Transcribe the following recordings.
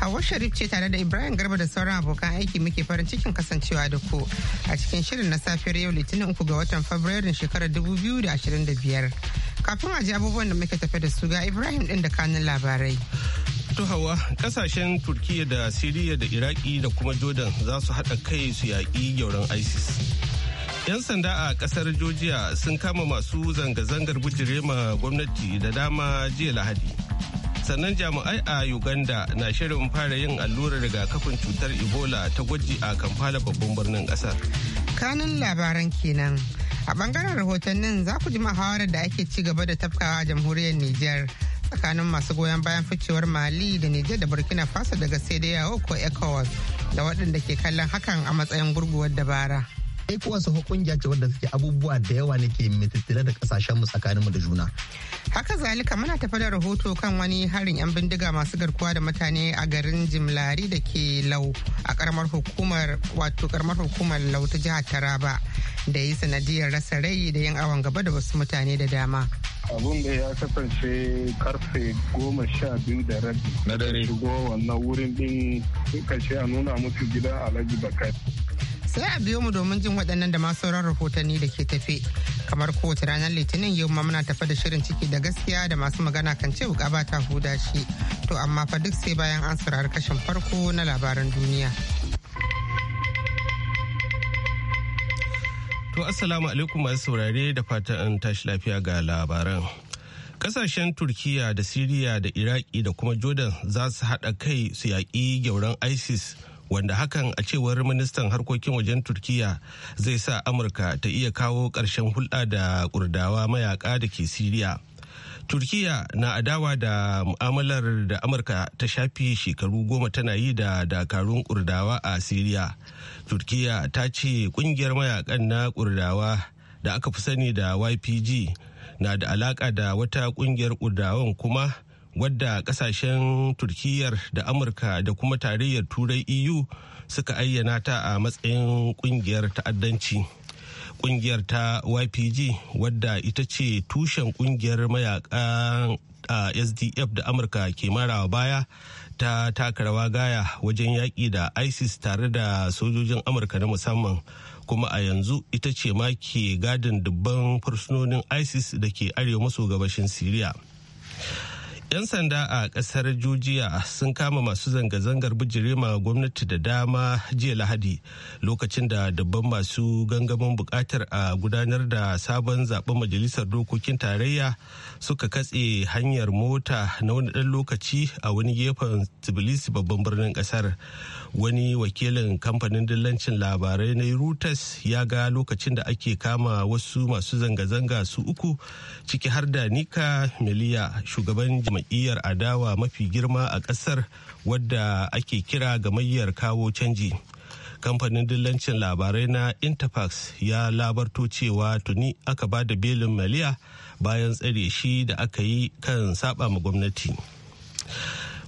Hawa Sharif ce tare da Ibrahim Garba da sauran abokan aiki muke farin cikin kasancewa da ku a cikin shirin na safiyar yau Litinin uku ga watan Fabrairun shekarar 2025. Kafin a ji abubuwan da muke tafe da su ga Ibrahim ɗin da kanun labarai. To hawa kasashen Turkiyya da Siriya da Iraki da kuma Jordan za su haɗa kai su yaƙi gyauran ISIS. 'Yan sanda a ƙasar Georgia sun kama masu zanga-zangar bujirema gwamnati da dama jiya Lahadi. sannan jami'ai a uganda na shirin fara yin allurar rigakafin cutar ebola ta gwaji a kampala babban birnin kasar kanun labaran kenan a bangaren rahotannin za ku ji muhawarar da ake ci gaba da tafkawa jamhuriyar Nijar, tsakanin masu goyon bayan ficewar mali da niger da burkina faso daga cdao ko ecowas da waɗanda ke kallon hakan a matsayin gurguwar dabara ECOWAS ko kungiya ce wanda suke abubuwa da yawa ne ke mitattila da kasashen mu tsakanin mu da juna. Haka zalika muna tafa da rahoto kan wani harin 'yan bindiga masu garkuwa da mutane a garin Jimlari da ke Lau a karamar hukumar wato karamar hukumar Lau ta jihar Taraba da yi sanadiyar rasa rai da yin awon gaba da wasu mutane da dama. abun da ya kasance karfe goma sha biyu da rabi na dare shigo wannan wurin din kashe a nuna musu gida alhaji bakari sai a biyo mu domin jin waɗannan da masu sauran rahotanni da ke tafe kamar kowace ranar litinin yau ma muna tafa da shirin ciki da gaskiya da masu magana kan ce wuka ba ta huda shi to amma fa duk sai bayan an saurari kashin farko na labaran duniya to assalamu alaikum masu saurare da fatan tashi lafiya ga labaran kasashen turkiya da siriya da iraki da kuma jordan za su haɗa kai su yaƙi gyauran isis wanda hakan a cewar ministan harkokin wajen turkiya zai sa amurka ta iya kawo ƙarshen hulɗa da kurdawa mayaƙa da ke siriya turkiya na adawa da mu'amalar da amurka ta shafi shekaru goma tana yi da dakarun kurdawa a siriya turkiya ta ce ƙungiyar mayaƙan na kurdawa da aka fi sani da ypg na da alaƙa da wata ƙungiyar kurdawan kuma wadda kasashen turkiyyar da amurka da kuma tarayyar turai eu suka ayyana ta a matsayin kungiyar ta'addanci kungiyar ta ypg wadda ita ce tushen kungiyar mayakan sdf da amurka ke marawa baya ta taka gaya wajen yaƙi da isis tare da sojojin amurka na musamman kuma a yanzu ita ce ma ke gadin dubban fursunonin isis da ke arewa maso gabashin syria 'Yan sanda a ƙasar Jujiya sun kama masu zanga-zangar bijirema gwamnati da dama jiya Lahadi lokacin da dabban masu gangamin buƙatar a gudanar da sabon zaben majalisar dokokin tarayya suka katse hanyar mota na wani ɗan lokaci a wani gefen Tbilisi babban birnin ƙasar wani wakilin kamfanin dillancin labarai na reuters ya ga lokacin da ake kama wasu masu zanga-zanga su uku ciki har da nika miliya shugaban jam'iyyar adawa mafi girma a ƙasar wadda ake kira ga gamayyar kawo canji kamfanin dillancin labarai na interfax ya labarto cewa tuni aka ba da belin maliya bayan tsare shi da aka yi kan saba ma gwamnati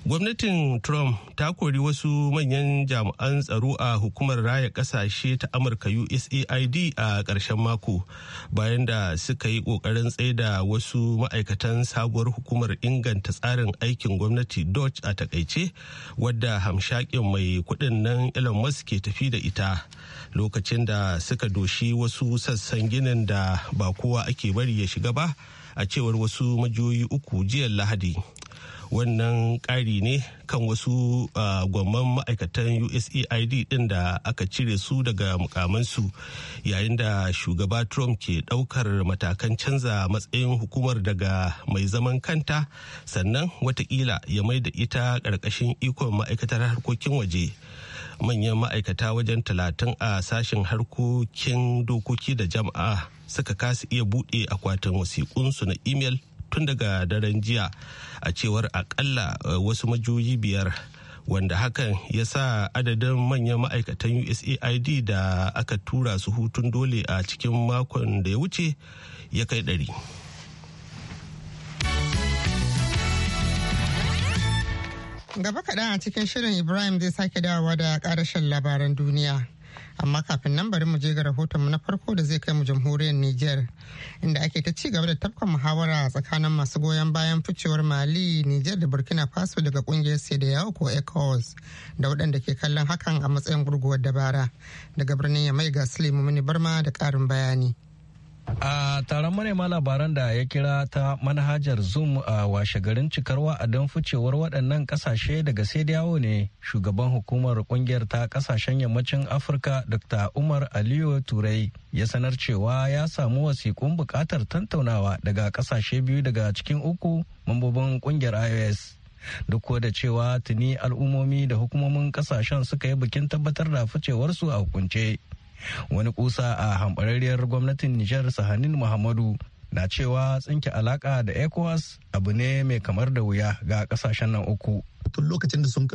gwamnatin trump ta kori wasu manyan jami'an tsaro a hukumar raya kasashe ta amurka usaid a ƙarshen mako bayan da suka yi ƙoƙarin tsaida wasu ma'aikatan sabuwar hukumar inganta tsarin aikin gwamnati Dutch a takaice wadda hamshakin mai kudin nan elon musk ke tafi da ita lokacin da suka doshi wasu sassan ginin da ba kowa ake bari ya shiga ba a cewar wasu majiyoyi uku jiya lahadi wannan ƙari ne kan wasu gwamman ma'aikatan usaid ɗin da aka cire su daga mukamansu yayin da shugaba trump ke ɗaukar matakan canza matsayin hukumar daga mai zaman kanta sannan watakila ya mai da ita ƙarƙashin ikon ma'aikatar harkokin waje manyan ma'aikata wajen talatin a sashen harkokin dokoki da jama'a suka kasa iya buɗe akwatin wasiƙunsu na imel tun daga daren jiya a cewar akalla eh, wasu majoyi biyar wanda hakan ya sa adadin manyan ma'aikatan usaid da aka tura su hutun dole a cikin makon da ya wuce ya kai ɗari. gaba kaɗan a cikin shirin ibrahim zai sake dawowa da ƙarashin labaran duniya amma kafin nan bari mu je ga rahotonmu na farko da zai kai mu jamhuriyar Nijar inda ake ta ci gaba da tafka muhawara tsakanin masu goyon bayan ficewar Mali, Nijar da Burkina Faso daga kungiyar CEDEAO ko Ecos da waɗanda ke kallon hakan a matsayin gurguwar dabara daga birnin Yamai ga mini Barma da karin bayani. a taron manema labaran da ya kira ta manhajar zoom a washe garin cikarwa a don ficewar waɗannan ƙasashe daga sai yawo ne shugaban hukumar ƙungiyar ta ƙasashen yammacin afirka dr umar aliyu turai ya sanar cewa ya samu wasiƙun buƙatar tantaunawa daga ƙasashe biyu daga cikin uku mambobin ƙungiyar ios duk da cewa tuni al'ummomi da hukumomin ƙasashen suka yi bikin tabbatar da ficewarsu a hukunce wani kusa a hambararriyar gwamnatin nijar sahanin muhammadu na cewa tsinke alaka da ecowas abu ne mai kamar da wuya ga kasashen nan uku tun lokacin da sun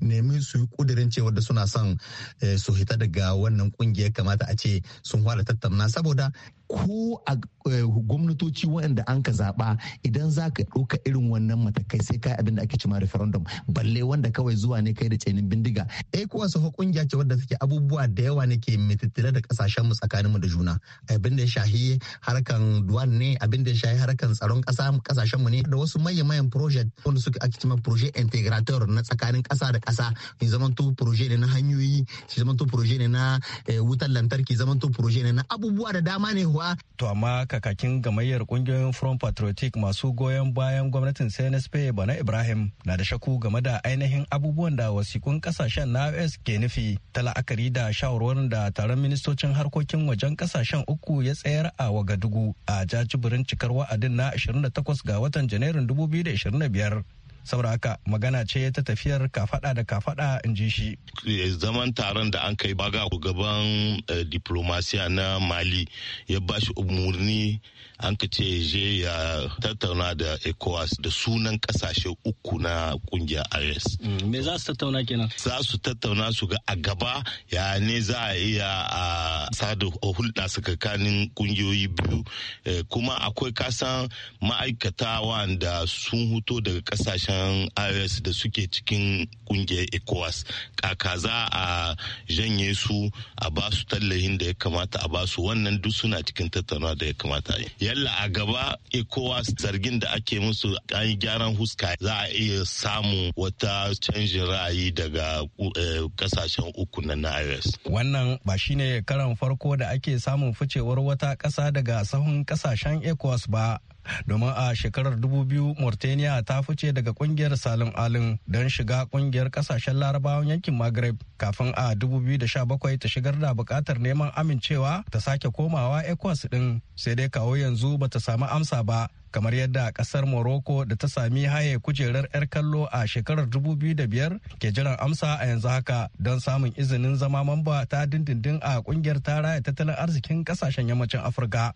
nemi su yi kudirin cewa da suna son eh, su hita daga wannan kungiyar kamata a ce sun fara tattauna saboda ko a eh, gwamnatoci waɗanda an ka zaɓa idan za ka ɗauka irin wannan matakai sai kai abin da ake cima referendum balle wanda kawai zuwa ne kai da tsenin bindiga ai eh, kuwa su fa kungiya ce wadda take abubuwa da yawa ne ke mitattare da kasashen mu tsakanin mu da juna abin da ya shahi harkan duwan ne abin da ya shahi harkan tsaron ƙasa kasashen mu ne da wasu mayan mayan project wanda suka ake cima project integration integrator na tsakanin ƙasa da ƙasa ya zamanto proje ne na hanyoyi ya zamanto proje ne na eh, wutar lantarki zamanto proje ne na abubuwa da dama ne huwa. To amma kakakin gamayyar kungiyoyin Front Patriotic masu goyon bayan gwamnatin CNSP Bana Ibrahim na da shaku game da ainihin abubuwan da wasikun kasashen na US ke nufi ta la'akari da shawarwarin da taron ministocin harkokin wajen kasashen uku ya tsayar a Wagadugu a jajibirin cikar wa'adin na 28 ga watan Janairun 2025. saboda haka magana ce ta tafiyar kafada da kafada in ji shi eh, zaman taron da an kai baga gaban eh, diplomasiya na mali ya bashi umurni an ka ce je ya tattauna da ECOWAS da sunan kasashe uku na kungiyar IS. Mm, me za su tattauna kenan? Za su tattauna su ga a gaba ya ne za a iya a sada hulɗa tsakanin kungiyoyi biyu eh, kuma akwai kasan ma'aikata wanda sun huto daga kasashen IS da suke cikin kungiyar ECOWAS. Kaka za a janye su a ba su tallahin da ya kamata a ba su wannan duk suna cikin tattauna da ya kamata a yalla a gaba ecowas eh, zargin da ake musu an gyaran huska za a iya samun wata canjin ra'ayi daga eh, kasashen uku na ios wannan ba shine karan farko da ake samun ficewar wata ƙasa daga sahun kasashen ecowas ba domin a shekarar 2000 mauritania ta fice daga kungiyar salin alin don shiga kungiyar kasashen larabawan yankin Magreb kafin a 2017 ta shigar da bukatar neman amincewa ta sake komawa Ecos din sai dai kawo yanzu bata samu amsa ba kamar yadda kasar morocco da ta sami haye kujerar 'yar kallo a shekarar 2005 ke jiran amsa a yanzu haka don samun izinin zama mamba ta dindindin a kungiyar ta raya tattalin arzikin kasashen yammacin afirka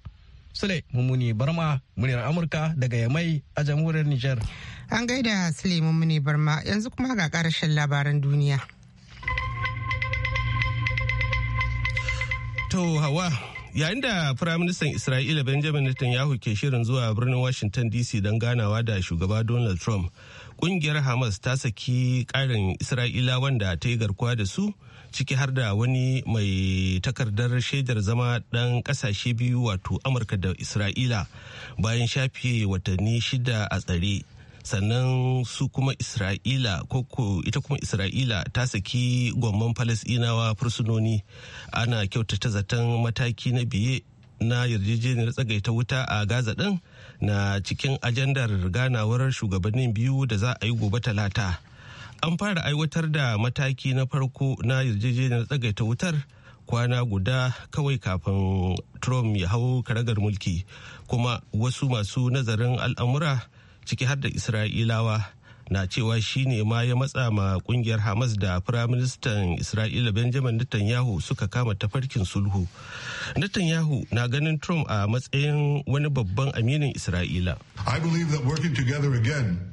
Sule Mumuni Barma muryar Amurka daga Yamai a jamhuriyar Nijar. An gaida Sule Mumuni Barma yanzu kuma ga ƙarashin labaran duniya. To hawa yayin da Firaministan Isra'ila Benjamin Netanyahu ke shirin zuwa birnin Washington DC don ganawa da shugaba Donald Trump, kungiyar Hamas ta saki ƙarin Isra'ila wanda ta yi garkuwa da su. ciki har da wani mai takardar shaidar zama ɗan ƙasashe biyu wato amurka da isra'ila bayan shafe watanni shida a tsare sannan su kuma isra'ila koko ita kuma isra'ila ta saki gwamman falasinawa fursunoni ana kyautata zaton mataki na biye na yarjejeniyar tsagaita wuta a gaza ɗin na cikin ajandar ganawar shugabannin biyu da za a yi gobe talata an fara aiwatar da mataki na farko na yarjejeniyar tsagaita wutar kwana guda kawai kafin trump ya hau karagar mulki kuma wasu masu nazarin al'amura ciki har da isra'ilawa na cewa shi ne ma ya matsa ma kungiyar hamas da firaministan isra'ila benjamin netanyahu suka kama tafarkin sulhu netanyahu na ganin trump a matsayin wani babban aminin isra'ila i believe that working together again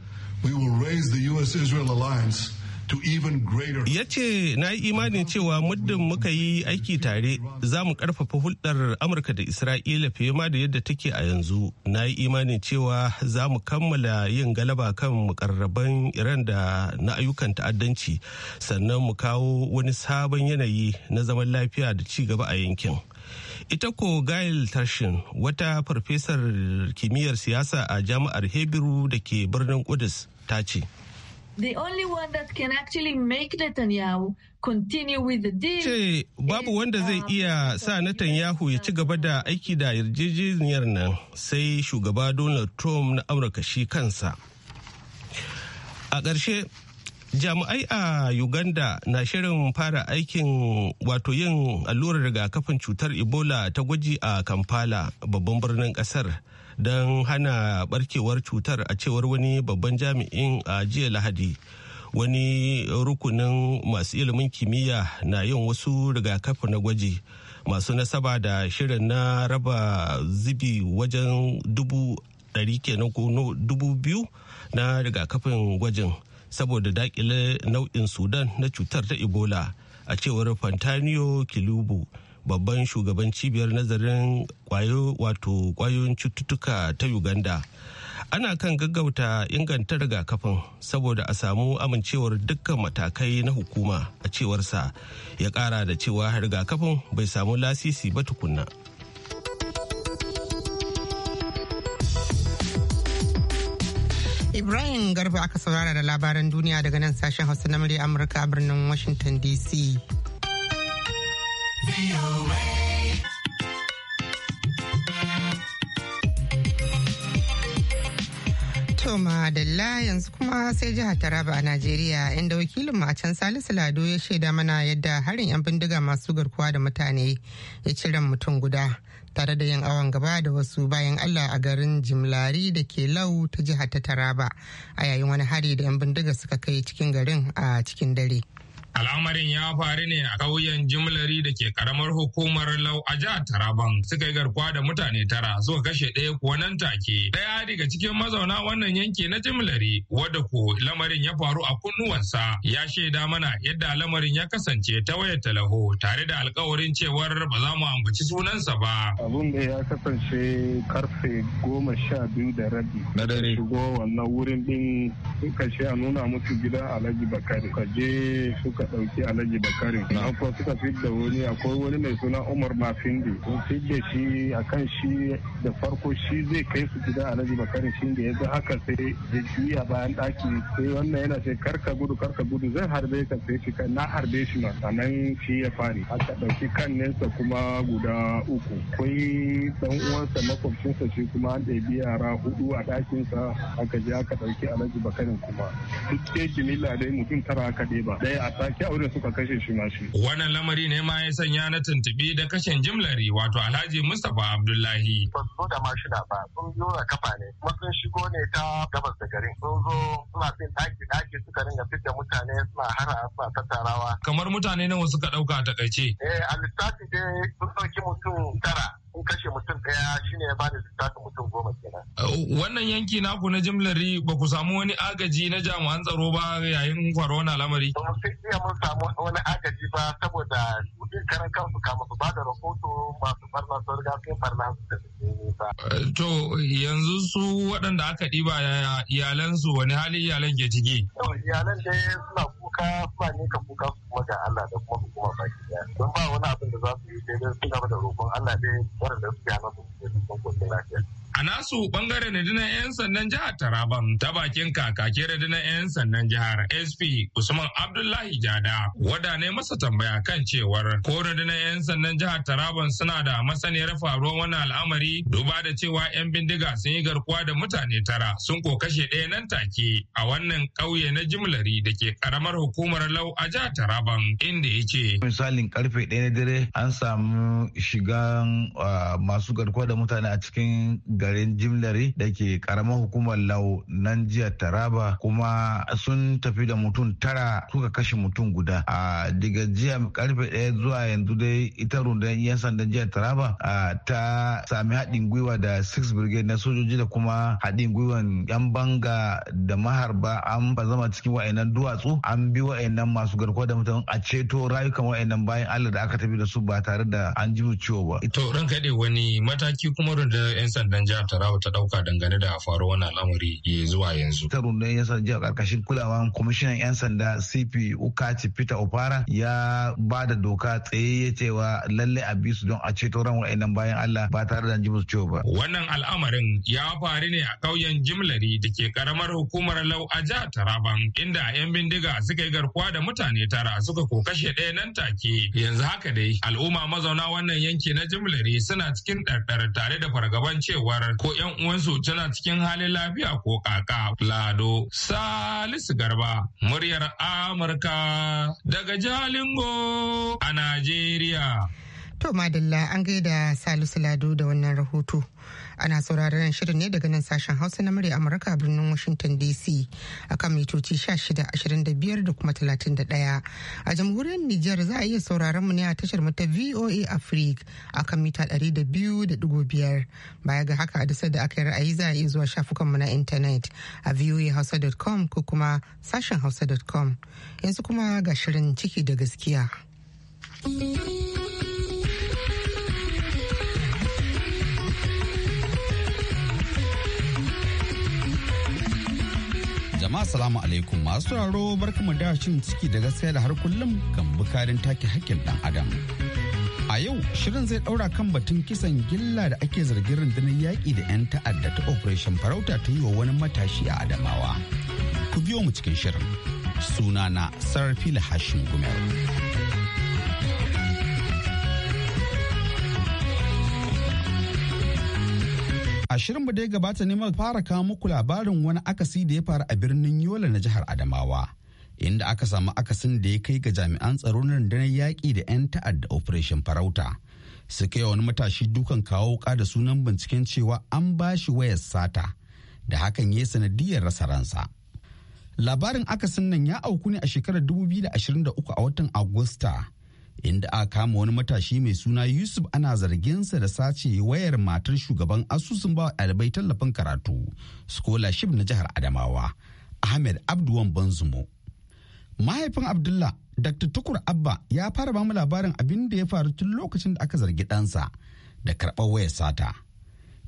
Ya ce na yi imanin cewa muddin muka yi aiki tare za mu karfafa hulɗar Amurka da Isra'ila fiye ma da yadda take a yanzu. Na yi imanin cewa za mu kammala yin galaba kan mukarraban Iran da na ayyukan ta'addanci sannan mu kawo wani sabon yanayi na zaman lafiya da ci gaba a yankin. ita ko gail tashin wata farfesar kimiyyar siyasa a jami'ar hebrew da ke birnin kudus ta ce The only one that can actually make Netanyahu continue with the deal. Ce babu wanda zai um, iya sa Netanyahu ya ci gaba da aiki da yarjejeniyar nan sai shugaba Donald Trump na Amurka shi kansa. A ƙarshe jami'ai a uganda na shirin fara aikin wato yin allurar rigakafin cutar ebola ta gwaji a kampala babban birnin kasar don hana barkewar cutar a cewar wani babban jami'in a jiya lahadi wani rukunin masu ilimin kimiyya na yin wasu rigakafi na gwaji masu nasaba da shirin na raba zubi wajen dubu kenan ko dubu biyu na rigakafin gwajin saboda dakile nau'in sudan na cutar ta ebola a cewar fantanio kilubu babban shugaban cibiyar nazarin wato kwayoyin cututtuka ta uganda ana kan gaggauta inganta rigakafin saboda a samu amincewar dukkan matakai na hukuma a cewarsa ya kara da cewa rigakafin bai samu lasisi ba tukunna. Ibrahim Garba aka saurara da labaran duniya daga nan sashen Hausa na murya Amurka a birnin Washington DC. To la yanzu kuma sai jihar Taraba a Najeriya inda wakilin a can Salisu Lado ya shaida mana yadda harin 'yan bindiga masu garkuwa da mutane ya cire mutum guda tare da yin awon gaba da wasu bayan Allah a garin Jimlari da ke lau ta jihar ta Taraba a yayin wani hari da 'yan bindiga suka kai cikin garin a cikin dare. Al'amarin ya faru ne a ƙauyen jimlari da ke karamar hukumar lau a jihar Taraban suka yi garkuwa da mutane tara suka kashe ɗaya kuwa nan take. Ɗaya daga cikin mazauna wannan yanki na jimlari wadda ko lamarin ya faru a kunnuwansa ya shaida mana yadda lamarin ya kasance ta wayar talaho tare da alkawarin cewar ba za mu ambaci sunansa ba. Abun da ya kasance karfe goma sha biyu da rabi. Na dare. Shigo wannan wurin ɗin suka a nuna musu gida Alhaji Bakari. Ka je suka ɗauki alhaji bakari mm. na hanko suka da wani akwai wani mai suna umar mafindi sun da shi a kan shi da farko shi zai kai su gida alhaji bakari shi da ya ga haka sai da juya bayan ɗaki sai wannan yana sai karka gudu karka gudu zai harbe ka sai shi kan na harbe shi ma sannan shi ya fari aka ɗauki kan nesa kuma guda uku akwai dan uwansa makwabcinsa shi kuma an ɗebi yara hudu a ɗakinsa aka je aka ɗauki alhaji bakarin kuma duk dai jimila dai mutum tara aka ɗeba ɗaya a ake aure suka kashe shi ma shi. Wannan lamari ne ma ya sanya na tuntubi da kashen jimlari wato Alhaji Mustapha Abdullahi. Ba su da mashina ba sun nuna kafa ne kuma sun shigo ne ta gabas da garin sun zo suna fin ɗaki ɗaki suka ringa fidda mutane suna hara suna tattarawa. Kamar mutane nawa suka ɗauka a takaice. Eh a lissafi dai sun ɗauki mutum tara. in kashe mutum ɗaya shine ya da littafin mutum goma kenan. Uh, wannan yanki naku na jimlari ba ku samu wani agaji na jami'an tsaro ba yayin faruwar lamari? Ba mu iya mun samu wani agaji ba saboda mutum karan kansu kama su bada rahoto masu farna sun riga sun farna su da To yanzu su waɗanda aka ɗiba iyalansu wani hali iyalan ke ciki? Iyalan dai suna kuka suna ne ka kuka su kuma ga Allah da kuma abin da za su yi sai dai su gaba da roƙon Allah ne waɗanda suke nan su sun kulle lafiya. A nasu bangaren rundunar 'yan sandan jihar Taraban ta bakin kakakin rundunar 'yan sandan jihar SP Usman Abdullahi Jada wada ne masa tambaya kan cewar ko rundunar 'yan sandan jihar Taraban suna da masaniyar faruwar wani al'amari duba da cewa 'yan bindiga sun yi garkuwa da mutane tara sun ko kashe ɗaya nan take a wannan ƙauye na jimlari da ke karamar hukumar lau a jihar Taraban inda ya ce. Misalin karfe ɗaya na dare an samu shigan ah, masu garkuwa da mutane a cikin gari garin Jimlari da ke karamar hukumar Lau nan jiya Taraba kuma sun tafi da mutum tara suka kashe mutum guda. A daga jiya karfe ɗaya zuwa yanzu dai ita rundunar 'yan sandan jiya Taraba ta sami haɗin gwiwa da six Brigade na sojoji da kuma haɗin gwiwan 'yan banga da maharba an zama cikin wa'annan duwatsu an bi wa'annan masu garkuwa da mutum a ceto rayukan wa'annan bayan Allah da aka tafi da su ba tare da an ji ciwo ba. To ranka wani mataki kuma rundunar 'yan sandan jiya jihar Taraba ta dauka dangane da faruwar wannan al'amari ya zuwa yanzu. Ta rundunar yan sanda a karkashin kulawa kwamishinan yan sanda CP Ukachi Peter Opara ya ba da doka tsaye cewa lalle a bi su don a ceto ran wa'annan bayan Allah ba tare da jimus ciwo ba. Wannan al'amarin ya faru ne a kauyen Jimlari da ke karamar hukumar Lau a jihar Taraban inda 'yan bindiga suka yi garkuwa da mutane tara suka ko kashe ɗaya nan take. Yanzu haka dai al'umma mazauna wannan yanki na Jimlari suna cikin ɗarɗar tare da fargaban cewar ko yan uwansu tana cikin halin lafiya ko kaka lado salisu garba muryar amurka daga jalingo a najeriya To Madalla an gaida Salisu Lado da wannan rahoto. Ana sauraron shirin ne daga nan sashen Hausa na murya Amurka birnin Washington DC a kan mitoci 1625 da kuma 31. A jamhuriyar Nijar za a iya sauraron mu ne a tashar mata VOA Africa a kan mita 200.5. Baya ga haka a dasa da aka yi ra'ayi za a iya zuwa shafukanmu na intanet a voahausa.com ko kuma sashen hausa.com. Yanzu kuma ga shirin ciki da gaskiya. jama'a salamu alaikum masu sauraro barkamu da shin ciki da gaskiya da har kullum kan bukarin take hakkin dan adam. A yau shirin zai daura kan batun kisan gilla da ake zargin rundunar yaƙi da 'yan ta'adda ta Operation Farauta ta yi wa wani matashi a Adamawa. Ku biyo mu cikin shirin. Sunana Sarfila Hashim Gumel. A shirin da ya gabata ne muka fara kawo muku labarin wani akasi da ya faru a birnin Yola na jihar Adamawa. Inda aka samu akasin da ya kai ga jami'an tsaro na rundunar yaƙi da 'yan ta'adda Operation Farauta. Suka yi wani matashi dukan kawo wuka da sunan binciken cewa an ba shi wayar sata da hakan ya sanadiyar rasa ransa. Labarin akasin nan ya auku ne a shekarar 2023 a watan Agusta. inda a kama wani matashi mai suna yusuf ana zarginsa da sace wayar matar shugaban asusun ba ɗalibai tallafin karatu scholarship na jihar adamawa ahmed abduwan banzumo mahaifin abdullah dr tukur abba ya fara bamu labarin abin da ya faru tun lokacin da aka zargi ɗansa da karɓar wayar sata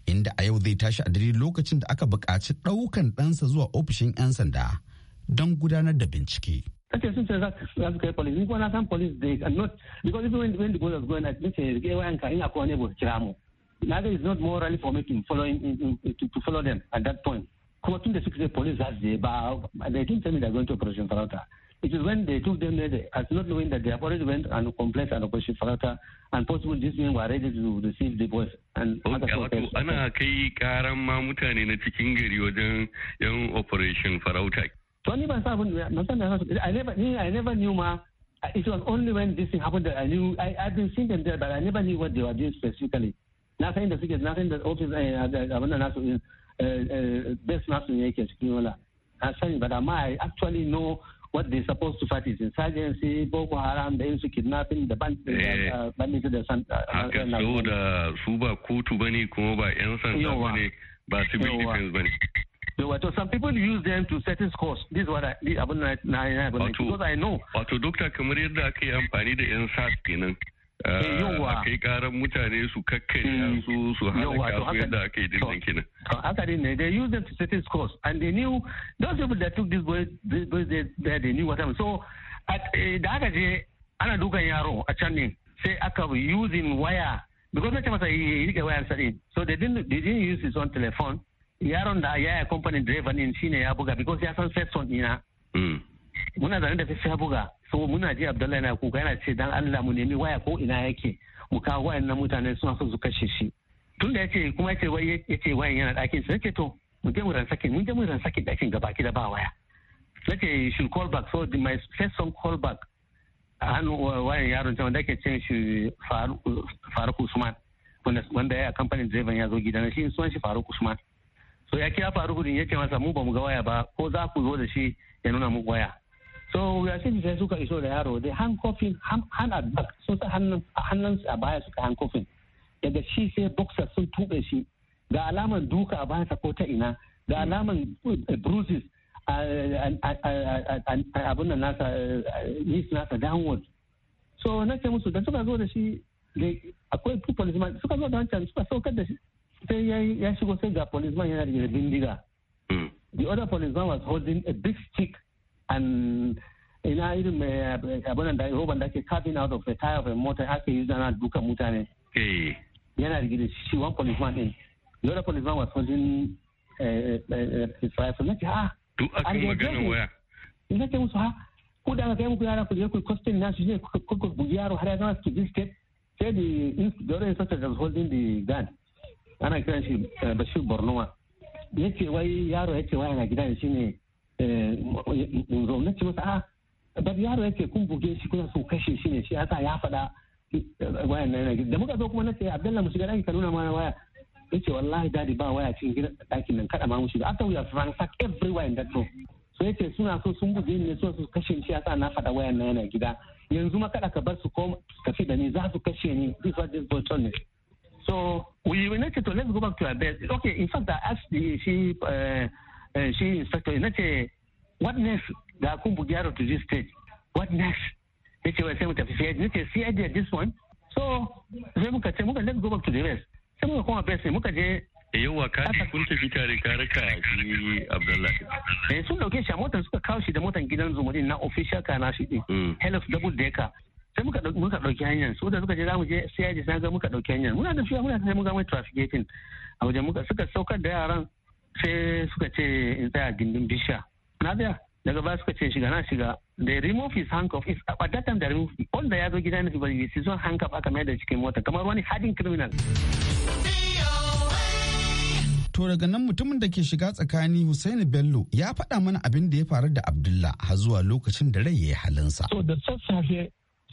inda a yau zai tashi a dare lokacin da aka buƙaci ɗaukan ɗansa zuwa ofishin 'yan sanda don gudanar da bincike. That is since that's that's great police. Ni kwana san police they are not because even when, when the boy was going, I think eh, they were in Akwane was Chiramu. Neither is not morally for me to follow in, in, to, to follow them at that point. Kuma to the suka ce police has the bow, they didn't tell me they're going to Operation Farata. It is when they took them there, as not knowing that they have already went and complained and Operation Farata and possible these men were ready to receive the boys. And okay, wato ana kai karan ma mutane na cikin gari wajen yan Operation Farauta. to ni ban sa abin ban san da I never I never knew ma it was only when this thing happened that I knew I I've been seeing them there but I never knew what they were doing specifically na san da suke na san eh, da office abin da nasu eh, eh, best nasu ne yake cikin wala na sani but amma I actually know what they supposed to fight is insurgency boko haram da yin su kidnapping da bandit da san haka da su ba kotu bane kuma ba yan sanda bane ba civil defense bane wato some people use them to certain scores this is what I abin na na abin because I know wato doctor kamar yadda aka yi amfani da yan sas kenan eh, ah, yawa kai karan mutane su kakkarya hmm. su su halaka su yadda aka yi dinnan kenan aka ne they use them to certain scores and they knew those people that took this boy this boy they, they knew what happened so at eh, da aka je ana dukan yaro a can ne sai aka using wire because na ce masa yi eh, rike wayan sa so they didn't they didn't use his own telephone yaron da ya ya company driver ɗin shine ya buga because ya san section ina. Mm. muna zane da fesa ya buga so muna ji abdullahi na kuka yana ce dan allah mu nemi waya ko ina yake mu kawo na mutane suna so su kashe shi tun da ya ce kuma ya ce wai ya ce wayan yana ɗakin sai ce to mu je mu ransake mun je mu ransake ɗakin gaba ki da ba waya na ce shi call back so my first son call back a hannu wayan yaron can wanda ke cin shi faruk usman wanda ya kamfanin driver ya zo gidana shi sunan shi faruk usman so ya kira faru gudun ya ce masa mu ba mu ga waya ba ko za ku zo da shi ya nuna mu waya so yasin sai suka iso da yaro dai hand coffin hand at back sun sa hannun a baya suka hand coffin daga shi sai boxer sun tuɓe shi ga alaman duka a bayansa ko ta ina ga hmm. alaman eh, bruises abin da nasa yis eh, nasa downward so na ce musu da suka zo da shi akwai people suka zo da wancan suka saukar da shi sai ya shigo sai ga policeman yana da bindiga hmm. the other policeman was holding a big stick and ina irin mai eh, abin da roban da ake carving out of a tire of a motor ake yi zana duka mutane eh. yana da shi one policeman din the other policeman was holding eh, his rifle na ce ha ah, duk akan maganar waya na ce musu ha ah, ko da aka kai muku yara ku je ku custody na su ne ku bugi yaro har ya zama su to this state sai the the other instructor was holding the gun ana kiran shi eh, bashir bornoma ya ce wai yaro ya ce wai yana gida shi ne eh, na ce masa a ah, yaro ya ce kun buge shi kuna so kashe shi ne shi ya ya faɗa eh, wayan na yana gida da muka zo kuma na ce abdullahi mu shiga ɗaki ka nuna mana waya ya ce wallahi dadi ba waya cikin gidan ɗakin nan kada ma mu shiga after we have ransacked everywhere in that room so ya ce suna so sun buge ni ne suna so kashe shi ya sa na faɗa wayan na yana gida yanzu ma kada ka bar su ko kafi da ni za su kashe ni this was this boy told So we, we need to let's go back to our base. Okay, in fact, I asked the, she, uh, uh, she inspector, nace what next ga kun bugi to this stage? What next? Nace wai sai mu tafi CID. Nace CID at this one. So sai muka ce muka let's go back to the rest. Sai muka koma base muka je yawa kati kun tafi tare ka raka shi abdullahi eh sun dauke shi a motar suka kawo shi da motar gidan zumurin na official kana shi din hell of double decker sai muka muka dauki hanyar su da suka je zamu je sai yaji sai muka dauki hanyar muna da fiya muna sai muka mai gating a wajen muka suka saukar da yaran sai suka ce in tsaya gindin bishiya na biya daga ba suka ce shiga na shiga da remove his handcuff a that time da remove wanda ya zo gida ne bari sai son handcuff aka mai da cikin mota kamar wani hardin criminal To daga nan mutumin da ke shiga tsakani Hussaini Bello ya faɗa mana abin da ya faru da Abdullah har zuwa lokacin da rai ya yi halinsa. So da sassafe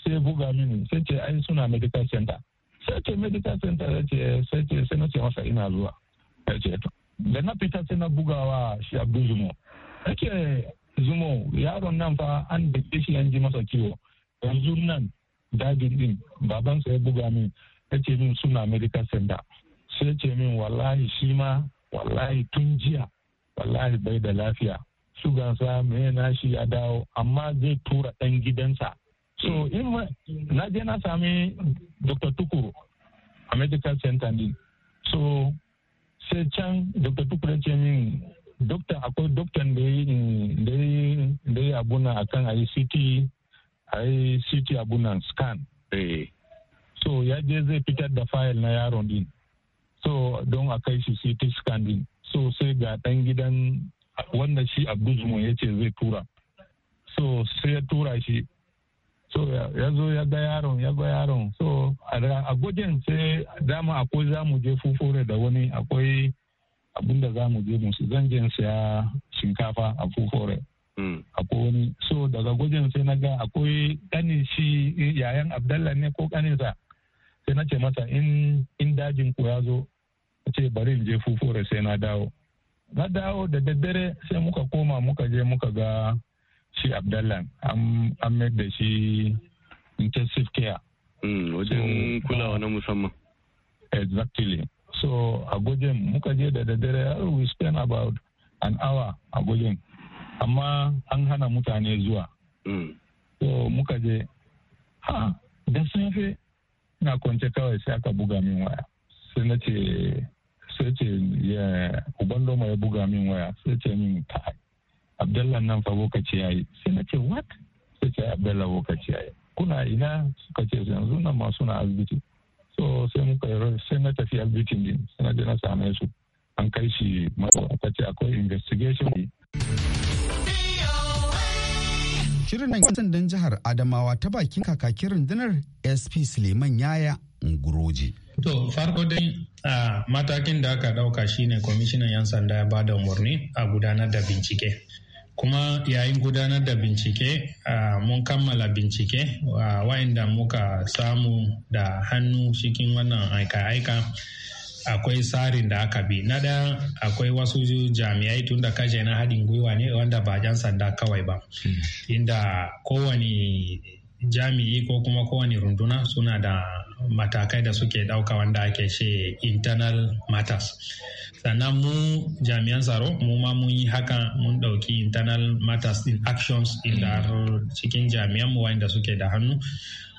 sai buga mini sai ce ai suna medical center sai ce medical center sai ce sai ce sai na ce masa ina zuwa sai ce to da na fita sai na bugawa shi abdu zumo ce zumo yaron nan fa an dake shi an ji masa kiwo yanzu nan dajin din babansa ya buga min ya ce min suna medical center sai ce min wallahi shi ma wallahi tun jiya wallahi bai da lafiya shugansa mai na shi ya dawo amma zai tura dan gidansa so in na je na sami dr tukuru a medical center din so sai can dr tukuru ce min dokta akwai doktan da yi abuna akan a yi ct a yi ct abunan scan eh. so ya je zai fitar da fayil na yaron din so don a kai shi ct scan din so sai ga dan gidan wanda shi abdulzuman ya ce zai tura so sai ya tura shi so ya zo ya ga yaron ya ga yaron so a gwajin sai dama akwai za je fufure da wani akwai abin da za je musu zan je siya shinkafa a fufure hmm. akwai wani so daga gwajin sai na ga akwai kanin shi yayan abdallah ne ko kaninsa sai na ce masa in dajin ku ya zo a ce bari in je fufure sai na dawo na dawo da daddare sai muka koma muka je muka ga shi abdallan an mayar da shi intensive care wajen kulawa na musamman exactly so a gujin muka je da daddare uh, we spend about an hour a gujin amma an hana mutane zuwa hmm. so muka je ha na kwance kawai sai na ce abdallah nan fa lokaci ya yi sai na ce what sai ce abdallah lokaci ya yi kuna ina suka ce yanzu nan ma suna asibiti so sai muka sai na tafi asibitin din sai na je na same su an kai shi masa aka ce akwai investigation Shirin nan sandan jihar Adamawa ta bakin kakakin rundunar SP Suleiman Yaya Nguroji. To farko dai a matakin da aka dauka shine kwamishinan 'yan sanda ya bada umarni a gudanar da bincike. kuma yayin gudanar da bincike mun kammala bincike wa'inda muka samu da hannu cikin wannan aika-aika akwai tsarin da aka bi na ɗaya akwai wasu jami'ai tun da kashe na haɗin gwiwa ne wanda ba jan sanda kawai ba hmm. inda kowane jami'i ko kuma kowane runduna suna da matakai da suke ɗauka wanda ake ce internal matters sannan mu jami'an tsaro mu ma mun yi haka mun ɗauki internal matters in actions inda mm. cikin jami'an mu wanda suke da hannu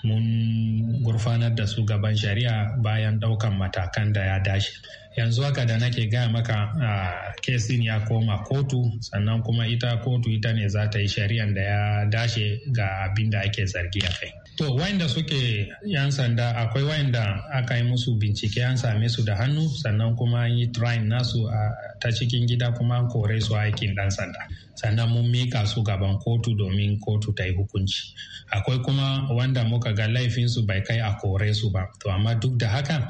mun gurfanar da su gaban shari'a bayan ɗaukan matakan da ya dace yanzu haka da nake gaya maka a kesin ya koma kotu sannan kuma ita kotu ita ne za ta yi shari'an da ya dace ga abinda ake zargi a kai To wayanda suke yan sanda akwai wayanda aka yi musu bincike an same su da hannu sannan kuma an yi train nasu a ta cikin gida kuma an kore su aikin dan sanda. Sannan mun mika su gaban kotu domin kotu ta yi hukunci. Akwai kuma wanda muka ga laifinsu bai kai a kore su ba. To amma duk da haka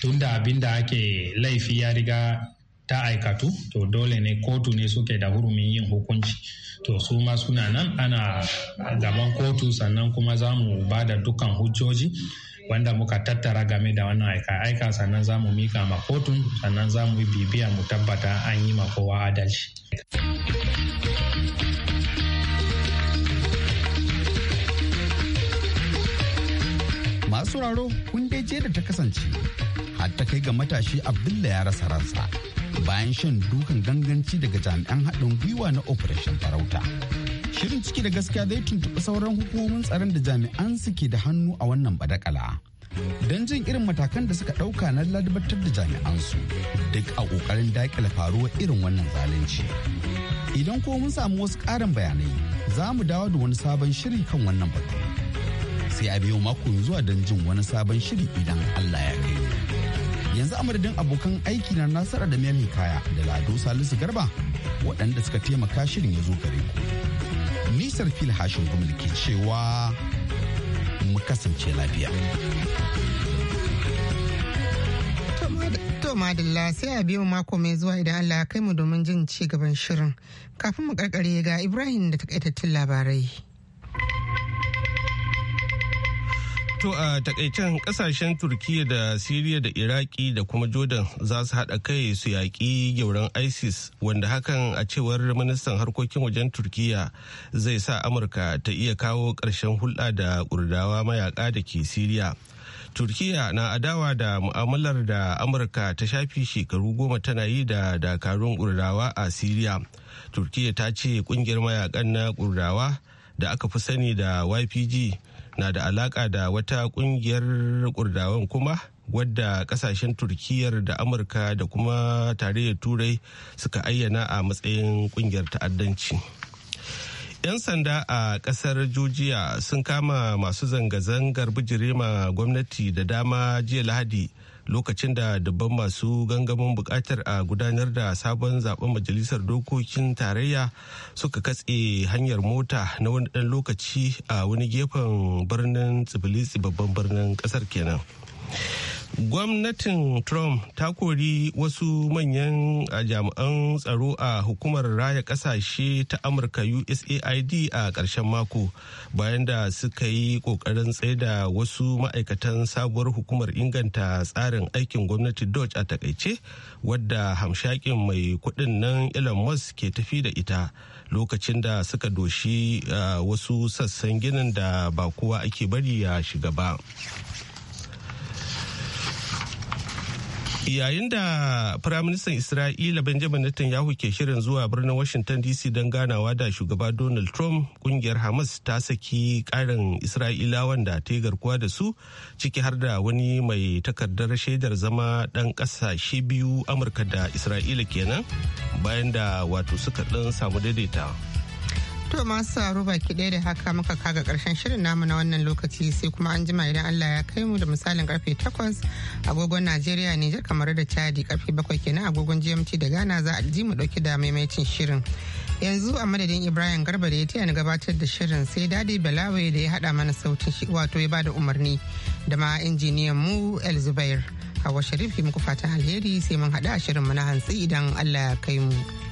tunda abin da ake laifi ya riga ta aikatu to dole ne kotu ne suke da hurumin yin hukunci to su ma suna nan ana gaban kotu sannan kuma za mu ba da dukkan hujjoji wanda muka tattara game da wannan aika-aika sannan za mu mika ma kotun sannan za mu yi bibiya mu tabbata an yi ma kowa adalci. masu raro kun jiya je da ta kasance har ta kai ga matashi abdulla ya rasa ransa bayan shan dukan ganganci daga jami'an haɗin gwiwa na operation farauta shirin ciki da gaskiya zai tuntuɓi sauran hukumomin tsaron da jami'an suke da hannu a wannan badakala don jin irin matakan da suka ɗauka na ladabatar da jami'ansu duk a ƙoƙarin daƙile faruwar irin wannan zalunci idan ko mun samu wasu ƙarin bayanai za mu dawo da wani sabon shiri kan wannan batu sai a biyo mako zuwa don jin wani sabon shiri idan allah ya kai yanzu a madadin abokan aiki na nasara da miyar kaya da lado salisu garba waɗanda suka taimaka shirin ya zo gare ku nisar fil hashin gwamnati ke cewa mu kasance lafiya To madalla sai a biyu mako mai zuwa idan Allah ya kai mu domin jin ci gaban shirin. Kafin mu karkare ga Ibrahim da takaitattun labarai. To a takaicen kasashen Turkiyya da Siriya da Iraki da kuma Jordan za su haɗa kai su yaƙi gyauran ISIS wanda hakan a cewar ministan harkokin wajen Turkiyya zai sa Amurka ta iya kawo ƙarshen hulɗa da ƙurdawa mayaƙa da ke Siriya. Turkiyya na adawa da mu'amalar da Amurka ta shafi shekaru goma tana yi da dakarun ƙurdawa a Siriya. Turkiyya ta ce ƙungiyar mayaƙan na ƙurdawa da aka fi sani da YPG na da alaka da wata kungiyar kurdawan kuma wadda kasashen turkiyar da amurka da kuma tarayyar turai suka ayyana a matsayin kungiyar ta'addanci yan sanda a kasar jujiya sun kama masu zanga-zangar bijirema gwamnati da dama jiya lahadi lokacin da dubban masu gangamin bukatar a gudanar da sabon zaben majalisar dokokin tarayya suka katse hanyar mota na wani dan lokaci a wani gefen birnin tsibilisi babban birnin kasar kenan. gwamnatin trump ta kori wasu manyan jami'an tsaro a hukumar raya kasashe ta amurka usaid a ƙarshen mako bayan da suka yi ƙoƙarin da wasu ma'aikatan sabuwar hukumar inganta tsarin aikin gwamnati dodge a takaice wadda hamshakin mai kuɗin nan elon musk ke tafi da ita lokacin da suka doshi wasu sassan ginin da ba kowa ake bari ya shiga ba. Yayin da Firaministan Isra'ila Benjamin Netanyahu ke shirin zuwa birnin Washington DC don ganawa da shugaba Donald Trump, kungiyar Hamas ta saki karin Isra'ilawan da ta yi garkuwa da su, ciki har da wani mai takardar shaidar zama ɗan ƙasashe biyu Amurka da Isra'ila kenan, bayan da wato suka ɗan samu daidaita. To masu saro baki ɗaya da haka muka kaga ƙarshen shirin namu na wannan lokaci sai kuma an jima idan Allah ya kai mu da misalin karfe 8 agogon Najeriya ne kamar da Chadi karfe 7 kenan agogon GMT da Ghana za a ji mu ɗauki da maimaitin shirin. Yanzu a madadin Ibrahim Garba da ya taya ni gabatar da shirin sai Dadi Balawe da ya hada mana sautin shi wato ya bada umarni da ma injiniyan mu El Zubair. Hawa Sharif muku fatan alheri sai mun hada a shirin mu na hantsi idan Allah ya kai mu.